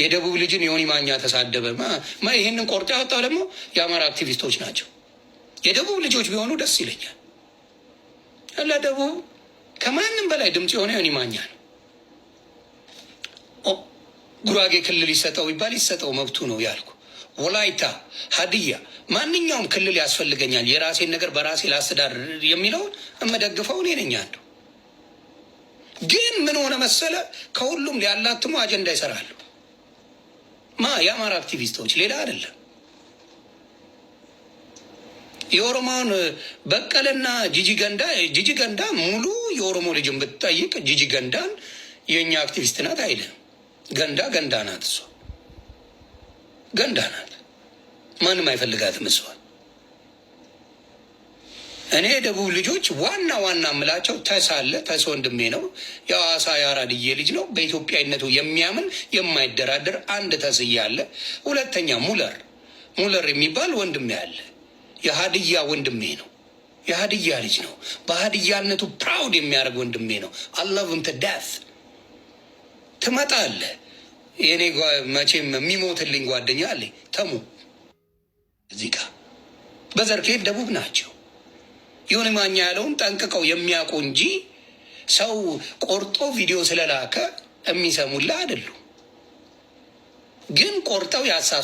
የደቡብ ልጅን ዮኒ ማኛ ተሳደበ። ይህንን ቆርጦ ያወጣው ደግሞ የአማራ አክቲቪስቶች ናቸው። የደቡብ ልጆች ቢሆኑ ደስ ይለኛል። ለደቡብ ከማንም በላይ ድምፅ የሆነ ዮኒ ማኛ ነው። ጉራጌ ክልል ይሰጠው ይባል ይሰጠው መብቱ ነው ያልኩ። ወላይታ፣ ሀዲያ፣ ማንኛውም ክልል ያስፈልገኛል የራሴን ነገር በራሴ ላስተዳድር የሚለውን የምደግፈው እኔ ነኝ። አንዱ ግን ምን ሆነ መሰለ ከሁሉም ሊያላትሙ አጀንዳ ይሰራሉ። ማ የአማራ አክቲቪስቶች ሌላ አይደለም። የኦሮሞን በቀለና ጂጂ ገንዳ ጂጂ ገንዳ ሙሉ የኦሮሞ ልጅን ብትጠይቅ ጂጂ ገንዳን የእኛ አክቲቪስት ናት አይልም። ገንዳ ገንዳ ናት፣ እሷ ገንዳ ናት። ማንም አይፈልጋትም እሷን እኔ የደቡብ ልጆች ዋና ዋና ምላቸው ተሳለ ተስ ወንድሜ ነው። የሐዋሳ የአራድዬ ልጅ ነው። በኢትዮጵያዊነቱ የሚያምን የማይደራደር አንድ ተስ እያለ ሁለተኛ ሙለር ሙለር የሚባል ወንድሜ አለ። የሀድያ ወንድሜ ነው። የሀድያ ልጅ ነው። በሀድያነቱ ፕራውድ የሚያደርግ ወንድሜ ነው። አላቭም ተዳፍ ትመጣለህ። የእኔ መቼም የሚሞትልኝ ጓደኛ አለ ተሙ እዚህ ጋር በዘር ደቡብ ናቸው። ይሁን ማኛ ያለውን ጠንቅቀው የሚያውቁ እንጂ ሰው ቆርጦ ቪዲዮ ስለላከ የሚሰሙላ አይደሉም። ግን ቆርጠው ያሳሷል።